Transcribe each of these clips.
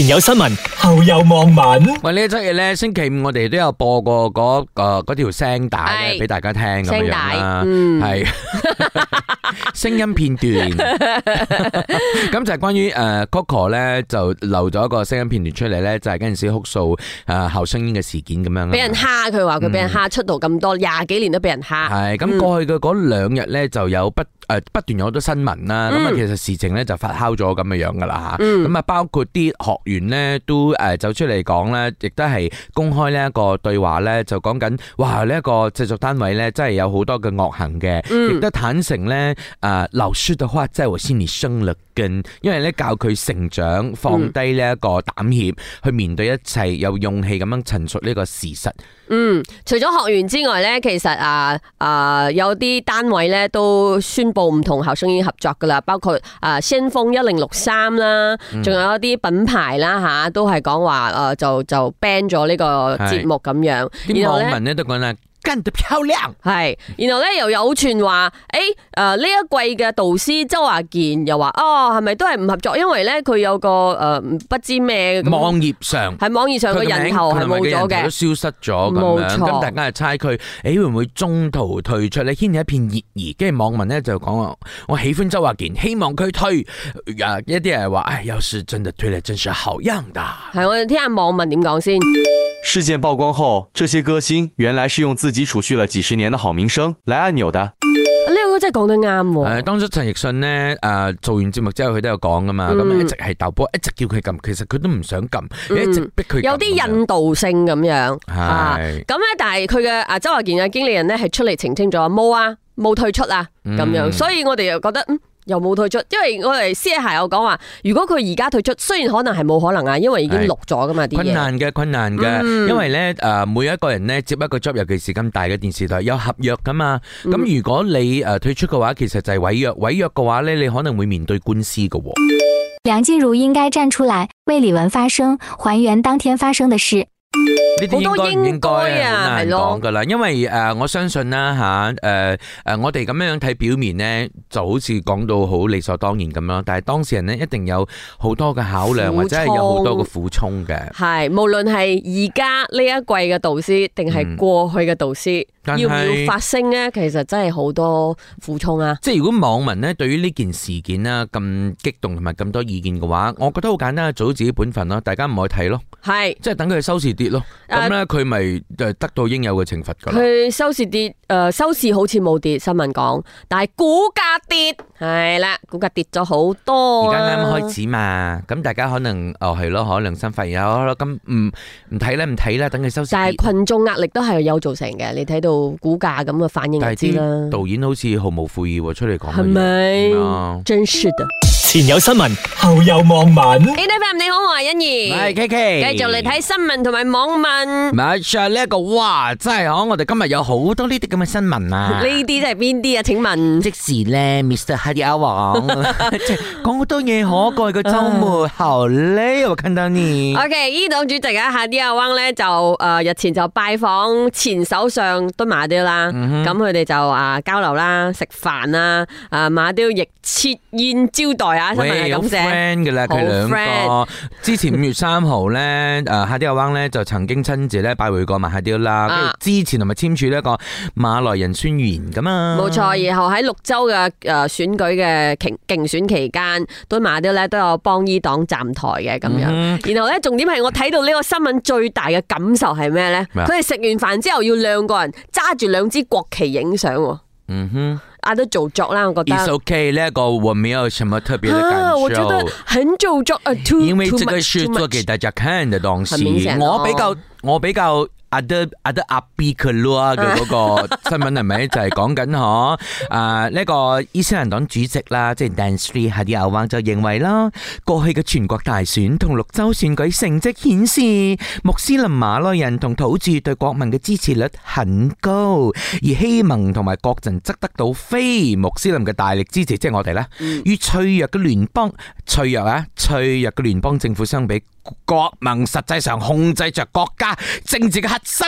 前有新聞，後有網民。喂，呢一週日咧，星期五我哋都有播過嗰個嗰條聲帶咧，俾大家聽咁樣啦。嗯，係聲音片段。咁就係關於誒 Coco 咧，就留咗一個聲音片段出嚟咧，就係嗰陣時哭訴誒後聲音嘅事件咁樣啦。俾人蝦佢，話佢俾人蝦出道咁多，廿幾年都俾人蝦。係咁過去嘅嗰兩日咧，就有不誒不斷有好多新聞啦。咁啊，其實事情咧就發酵咗咁嘅樣噶啦嚇。咁啊，包括啲學員咧都誒走出嚟講咧，亦都係公開呢一個對話咧，就講緊哇呢一、這個製作單位咧，真係有好多嘅惡行嘅，亦都坦誠咧。誒、呃、老師的話在我心裡生力。因為咧教佢成長，放低呢一個膽怯，嗯、去面對一切，有勇氣咁樣陳述呢個事實。嗯，除咗學員之外咧，其實啊啊有啲單位咧都宣布唔同校生已經合作噶啦，包括啊先鋒一零六三啦，仲有一啲品牌啦吓、啊，都係講話誒就就 ban 咗是呢個節目咁樣。啲網民咧都講啊。跟得漂亮，係，然後咧又有傳話，誒，誒 呢、呃、一季嘅導師周華健又話，哦，係咪都係唔合作？因為咧佢有個誒、呃、不知咩網頁上喺網頁上嘅人頭係冇咗嘅，都消失咗，冇錯。咁錯大家就猜佢，誒、欸、會唔會中途退出咧？掀起一片熱議，跟住網民咧就講我，喜歡周華健，希望佢退。」一啲人話，唉，有時真係退啦，真是好樣的。係，我哋聽下網民點講先。事件曝光後，這些歌星原來是用自己儲蓄了幾十年的好名聲來按鈕的。呢、啊這個真係講得啱喎、啊。誒、啊，當初陳奕迅呢，誒、啊、做完節目之後，佢都有講噶嘛，咁、嗯嗯、一直係鬥波，一直叫佢撳，其實佢都唔想撳，嗯、一直逼佢。有啲引導性咁樣，係咁咧。但係佢嘅阿周華健嘅經理人咧係出嚟澄清咗，冇啊，冇退出啊，咁樣。所以我哋又覺得嗯。嗯又冇退出，因為我哋私底下有講話，如果佢而家退出，雖然可能係冇可能啊，因為已經錄咗噶嘛啲嘢。困難嘅，困難嘅，嗯、因為咧誒，每一個人咧接一個 job，尤其是咁大嘅電視台，有合約噶嘛。咁如果你誒退出嘅話，其實就係違約，違約嘅話咧，你可能會面對官司嘅。梁靜茹應該站出來為李玟發聲，還原當天發生嘅事。呢啲應該唔應該啊？係咯，因為誒，我相信啦吓，誒誒，我哋咁樣樣睇表面咧，就好似講到好理所當然咁樣咯。但係當事人咧，一定有好多嘅考量，或者係有好多嘅苦衷嘅。係，無論係而家呢一季嘅導師，定係過去嘅導師，要唔要發聲咧？其實真係好多苦衷啊！即係如果網民咧，對於呢件事件啦咁激動同埋咁多意見嘅話，我覺得好簡單，做自己本分啦，大家唔好去睇咯。係，即係等佢哋收視。跌咯，咁咧佢咪就得到應有嘅懲罰噶？佢收視跌，誒，收視好似冇跌，新聞講，但係股價跌，係啦，股價跌咗好多。而家啱啱開始嘛，咁大家可能哦係咯，嗬，良心發現咯，咁唔唔睇啦，唔睇啦，等佢收視。但係群眾壓力都係有造成嘅，你睇到股價咁嘅反應知啦。導演好似毫無悔意，出嚟講係咪？真係。前有新聞，後有網民。A. Team 你好，我係欣宜。係 KK。繼續嚟睇新聞同埋網民。馬上呢一個哇，真係可，我哋今日有好多呢啲咁嘅新聞啊！呢啲即係邊啲啊？請問即時咧，Mr. Hadi Awang，即係講好多嘢可。過去個周末後咧，我見到你。O. K. 伊黨主席啊，Hadi Awang 咧就誒日前就拜訪前首相敦馬迪啦，咁佢哋就啊交流啦，食飯啦，啊馬迪亦設宴招待。喂，好 friend 嘅啦，佢兩個 之前五月三號咧，誒、 啊，哈迪阿旺咧就曾經親自咧拜會過馬哈迪啦，跟住之前同埋簽署一個馬來人宣言噶嘛，冇錯、啊。然後喺六州嘅誒選舉嘅競競選期間，都馬哈迪咧都有幫伊黨站台嘅咁樣。嗯、哼然後咧重點係我睇到呢個新聞最大嘅感受係咩咧？佢哋食完飯之後要兩個人揸住兩支國旗影相。嗯哼。阿都做作啦，我覺得。It's OK，這個我沒有什麼特別的感受。啊，我覺得很做作，因為這個是做給大家看的東西。我比較，我比較。阿德阿德阿比克魯啊嘅嗰個新聞係咪就係講緊嗬？誒，呢個伊斯蘭黨主席啦，即係 Denshi 哈迪阿旺就認為啦，過去嘅全國大選同六州選舉成績顯示，穆斯林馬來人同土著對國民嘅支持率很高，而希盟同埋國陣則得到非穆斯林嘅大力支持。即係我哋咧，與脆弱嘅聯邦、脆弱啊、脆弱嘅聯邦政府相比。國民實際上控制着國家政治嘅核心。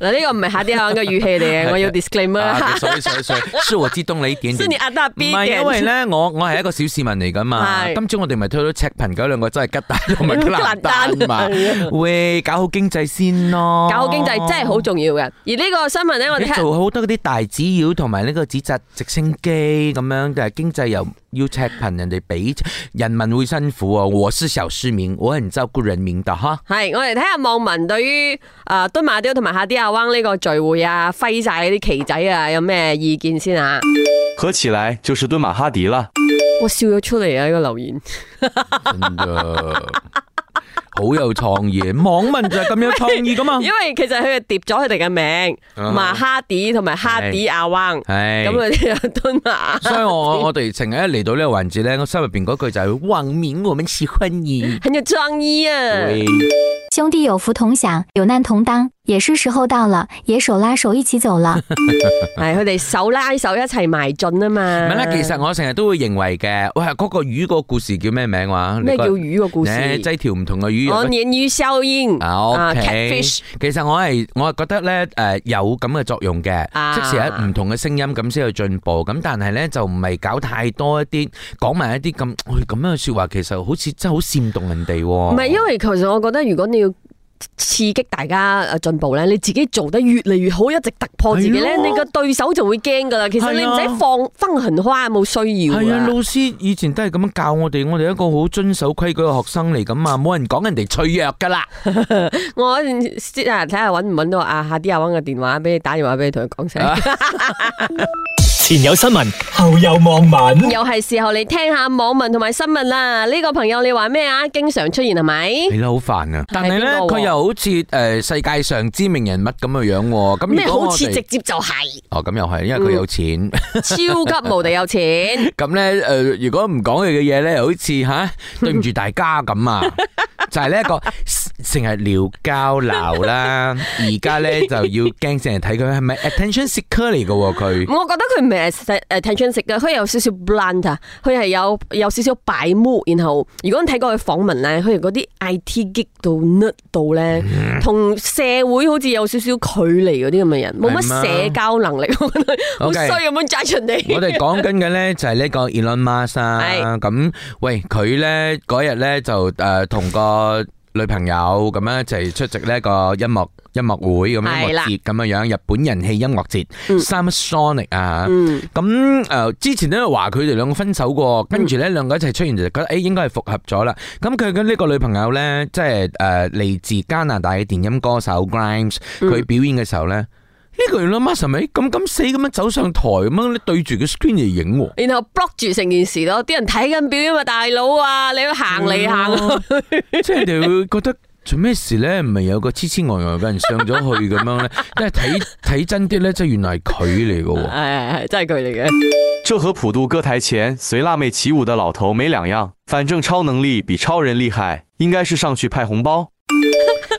嗱，呢個唔係下啲友嘅語氣嚟嘅， 的我要 disclaimer、啊。所以所以所以，恕我之懂你點，點，點，唔係因為咧，我我係一個小市民嚟㗎嘛。是今朝我哋咪推到赤貧狗兩個真係吉打同埋吉蘭丹， 喂，搞好經濟先咯。搞好經濟真係好重要嘅。而呢個新聞咧，我哋做好多嗰啲大紙鷂同埋呢個紙紮直升機咁樣，但係經濟又要赤貧人哋俾，人民會辛苦啊。我是小市民，我唔照顧人面的哈。係，我嚟睇下網民對於啊敦馬丟同埋下啲灣呢個聚會啊，揮晒你啲旗仔啊，有咩意見先啊？合起來就是蹲馬哈迪啦！我笑咗出嚟啊！呢、這個留言。 真 好有創意，網民就咁有創意噶嘛？因為其實佢係疊咗佢哋嘅名，埋、嗯、馬哈迪同埋哈迪阿旺，咁啊，所以我我哋成日一嚟到呢個環節咧，我心入邊嗰句就係、是、網面我們似歡你，很有創意啊！嗯、嘿兄弟有福同享，有難同當，也是時候到了，也手拉手一起走了。係佢哋手拉手一齊埋進啊嘛！咁咧，其實我成日都會認為嘅，喂，嗰、那個魚個故事叫咩名話？咩什麼 叫魚個故事？擠條唔同嘅我鯰魚效應，啊、OK，其實我係我係覺得咧，誒、呃、有咁嘅作用嘅，啊、即時喺唔同嘅聲音咁先去進步，咁但係咧就唔係搞太多一啲講埋一啲咁咁樣嘅說話，其實好似真係好煽動人哋、哦。唔係，因為其實我覺得如果你要。刺激大家誒進步咧，你自己做得越嚟越好，一直突破自己咧，的你個對手就會驚噶啦。其實你唔使放分行開，冇的需要。係啊，老師以前都係咁樣教我哋，我哋一個好遵守規矩嘅學生嚟咁嘛，冇人講人哋脆弱噶啦。 我看看找找啊，睇下搵唔搵到啊，下啲阿翁嘅電話，俾你打電話俾你同佢講聲。 前有新聞，後有網民， 又係時候你聽下網民同埋新聞啦。呢、這個朋友你話咩啊？經常出現係咪？係咯，好煩啊！但係咧，佢又好似誒，世界上知名人物咁嘅樣。咩好似直接就係、是？哦，咁又係，因為佢有錢。 超級無敵有錢。咁咧誒，如果唔講佢嘅嘢咧，又好似吓、啊、對唔住大家咁啊。 就係呢一個成日撩交流啦，而家咧就要驚，成日睇佢係咪 attention seeker 嚟噶？佢我覺得佢唔係 attention seeker，佢有少少 blunt 啊，佢係有有少少擺模。然後如果睇過佢訪問咧，佢係嗰啲 IT 激到 nut 到咧，同社會好似有少少距離嗰啲咁嘅人，冇乜社交能力，我覺得好衰咁樣齋出嚟。我哋講緊嘅咧就係呢個 Elon Musk 啊，咁喂佢咧嗰日咧就誒同個。個女朋友咁咧就係出席呢一個音樂音樂會咁樣節咁樣樣日本人氣音樂節，Summer Sonic 啊，咁誒之前咧話佢哋兩個分手過，跟住咧兩個一齊出現就覺得誒應該係複合咗啦。咁佢嘅呢個女朋友咧，即係誒嚟自加拿大嘅電音歌手 Grimes，佢表演嘅時候咧。呢個人諗乜神咪咁咁死咁樣走上台咁樣，你對住個 screen 嚟影。然後 block 住成件事咯，啲人睇緊表演啊嘛，大佬啊，你要行嚟行去，即係你哋會覺得做咩事咧？唔係有個痴痴呆呆嘅人上咗去咁樣咧，即係睇睇真啲咧，即係原嚟係佢嚟嘅。係係係，真係佢嚟嘅。就和普渡歌台前隨辣妹起舞的老頭沒兩樣，反正超能力比超人厲害，應該是上去派紅包。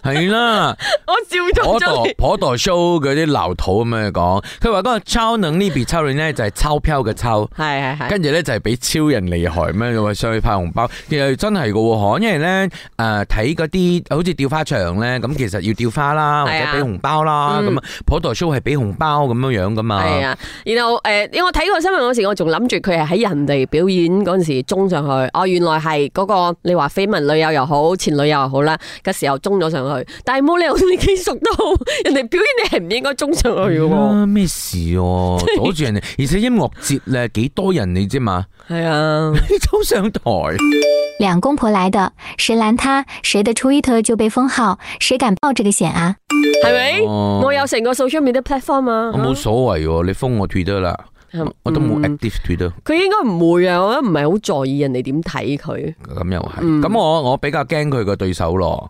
係啦， 我照咗出嚟。普陀 show 嗰啲老土咁樣講，佢話嗰個超能呢比超人咧就係鈔票嘅鈔，係係係。跟住咧就係比超人厲害咩？又話上去派紅包，其實真係噶，因為咧誒睇嗰啲好似吊花牆咧，咁其實要吊花啦，或者俾紅包啦，咁啊普陀、嗯、show 係俾紅包咁樣樣噶嘛。係啊，然後誒、呃，我睇個新聞嗰時，我仲諗住佢係喺人哋表演嗰陣時衝上去，哦，原來係嗰、那個你話緋聞女友又好，前女友又好啦時 又中咗上去，但係冇理由，你幾熟都好，人哋表演，你係唔應該中上去嘅喎。咩、 啊、事、啊？阻住人哋。而且音樂節咧幾多、多人你知嘛？係 啊，你 走上台。兩公婆嚟的，誰攔他，誰的 Twitter 就被封號，誰敢抱這個險啊？係咪？我有成個 social media platform 啊。我冇所謂，你封我 Twitter 啦，我都冇 active Twitter。佢應該唔會啊，我都唔係好在意人哋點睇佢。咁又係，咁、嗯、我、 嗯、我比較驚佢個對手咯。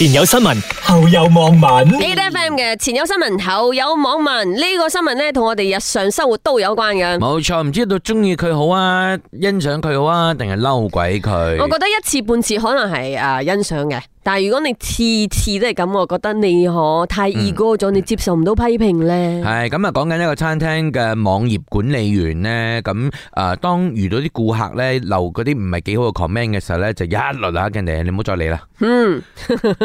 前有新聞，後有網民。A. F. M. 嘅前有新聞，後有網民。呢、這個新聞咧，同我哋日常生活都有關嘅。冇錯，唔知道中意佢好啊，欣賞佢好啊，定係嬲鬼佢？我覺得一次半次可能係誒欣賞嘅。但係如果你次次都係咁，我覺得你可太易過咗，你接受唔到批評咧。係咁啊，講緊一個餐廳嘅網頁管理員咧，咁誒，當遇到啲顧客咧，留嗰啲唔係幾好嘅 comment 嘅時候咧，就一律啊，經理，你唔好再嚟啦。嗯，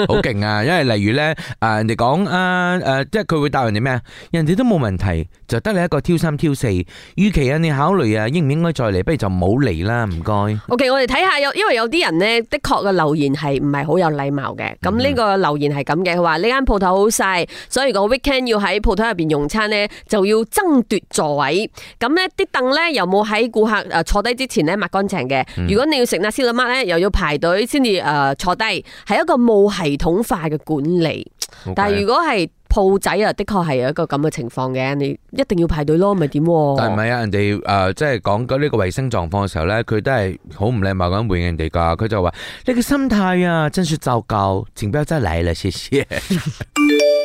好勁啊！因為例如咧，誒人哋講啊，誒即係佢會答人哋咩啊？人哋都冇問題，就得你一個挑三挑四。與其啊，你考慮啊，應唔應該再嚟？不如就冇嚟啦，唔該。O K，我哋睇下有，因為有啲人咧的確嘅留言係唔係好有禮禮貌嘅，咁呢、嗯、個留言係咁嘅，佢話呢間鋪頭好細，所以如果 weekend 要喺鋪頭入邊用餐呢，就要爭奪座位。咁呢啲凳呢，又冇喺顧客誒坐低之前呢抹乾淨嘅。嗯、如果你要食那斯魯乜呢，又要排隊先至誒坐低，係一個冇系統化嘅管理。Okay 但係如果係。兔仔啊，的確係有一個咁嘅情況嘅，你一定要排隊咯，咪點？但係唔係啊，人哋誒、呃，即係講緊呢個衛生狀況嘅時候咧，佢都係好唔禮貌咁回應人哋噶，佢就話：你嘅心態啊，真是糟糕，請不要再嚟啦，謝謝。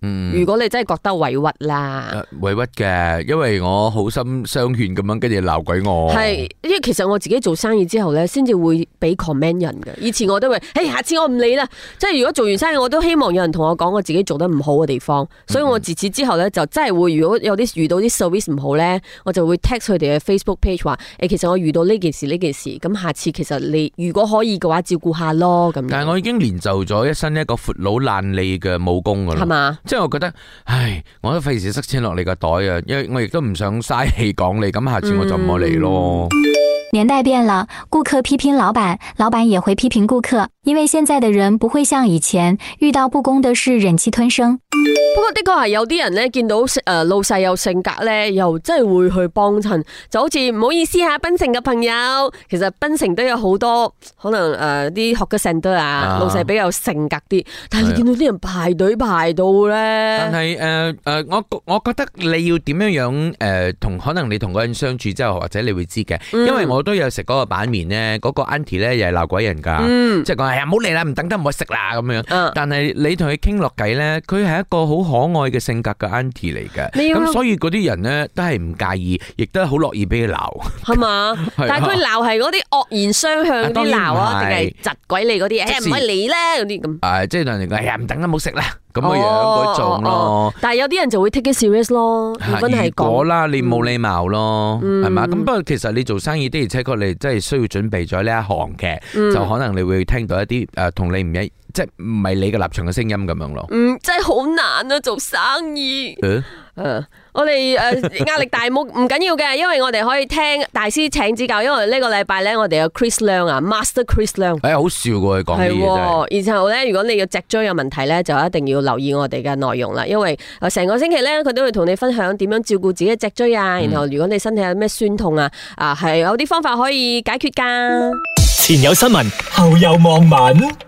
嗯、如果你真係覺得委屈啦，呃、委屈嘅，因為我好心相勸咁樣，跟住鬧鬼我係，因為其實我自己做生意之後呢，先至會俾 comment 人嘅。以前我都會，誒，下次我唔理啦。即係如果做完生意，我都希望有人同我講我自己做得唔好嘅地方。所以我自此之後呢，就真係會，如果有啲遇到啲 service 唔好呢，我就會 text 佢哋嘅 Facebook page 話，誒、欸，其實我遇到呢件事呢件事，咁下次其實你如果可以嘅話，照顧下咯，咁。但係我已經練就咗一身一個闊佬懶理嘅武功啦。係嘛？ 即係我覺得，唉，我都費事塞錢落你個袋啊，因為我亦都唔想嘥氣講你，咁下次我就唔好嚟咯。嗯、 年代變了，顧客批評老闆，老闆也會批評顧客。因為現在的人不會像以前遇到不公的事忍氣吞聲。不過的確係有啲人咧，見到誒、呃、老細有性格咧，又真係會去幫襯。就好似唔好意思吓、啊，檳城嘅朋友，其實檳城都有好多可能誒、啲、呃、學嘅成多啊，啊老細比較性格啲。的但係你見到啲人排隊排到咧，但係誒誒，我我覺得你要點樣樣誒，同、呃、可能你同個人相處之後，或者你會知嘅。嗯、因為我都有食嗰個板麵咧，嗰個 auntie 咧又係鬧鬼人噶，即係講係。啊！唔好嚟啦，唔等得，唔好食啦咁樣。但係你同佢傾落偈咧，佢係一個好可愛嘅性格嘅 auntie 嚟嘅。咁所以嗰啲人咧都係唔介意，亦都好樂意俾佢鬧。係嘛？但係佢鬧係嗰啲惡言相向嗰啲鬧啊，定係窒鬼你嗰啲？誒，唔可以嚟咧嗰啲咁。誒，即係同人講，誒，唔等得，唔好食啦。咁嘅樣嗰種咯，但係有啲人就會 take it serious 咯，根本係講啦，嗯、你冇禮貌咯，係嘛、嗯？咁不過其實你做生意的而且確你真係需要準備咗呢一行嘅，嗯、就可能你會聽到一啲誒同你唔一，即係唔係你嘅立場嘅聲音咁樣咯。嗯，真係好難啊，做生意。嗯誒， uh，我哋誒壓力大冇唔緊要嘅，因為我哋可以聽大師請指教。因為呢個禮拜咧，我哋有 Chris 亮啊，Master Chris 亮。誒，好笑嘅佢講嘅嘢真係。然、嗯、後咧，如果你嘅脊椎有問題咧，就一定要留意我哋嘅內容啦。因為成、呃、個星期咧，佢都會同你分享點樣照顧自己嘅脊椎啊。然後如果你身體有咩酸痛啊，啊係有啲方法可以解決噶。前有新聞，後有網民。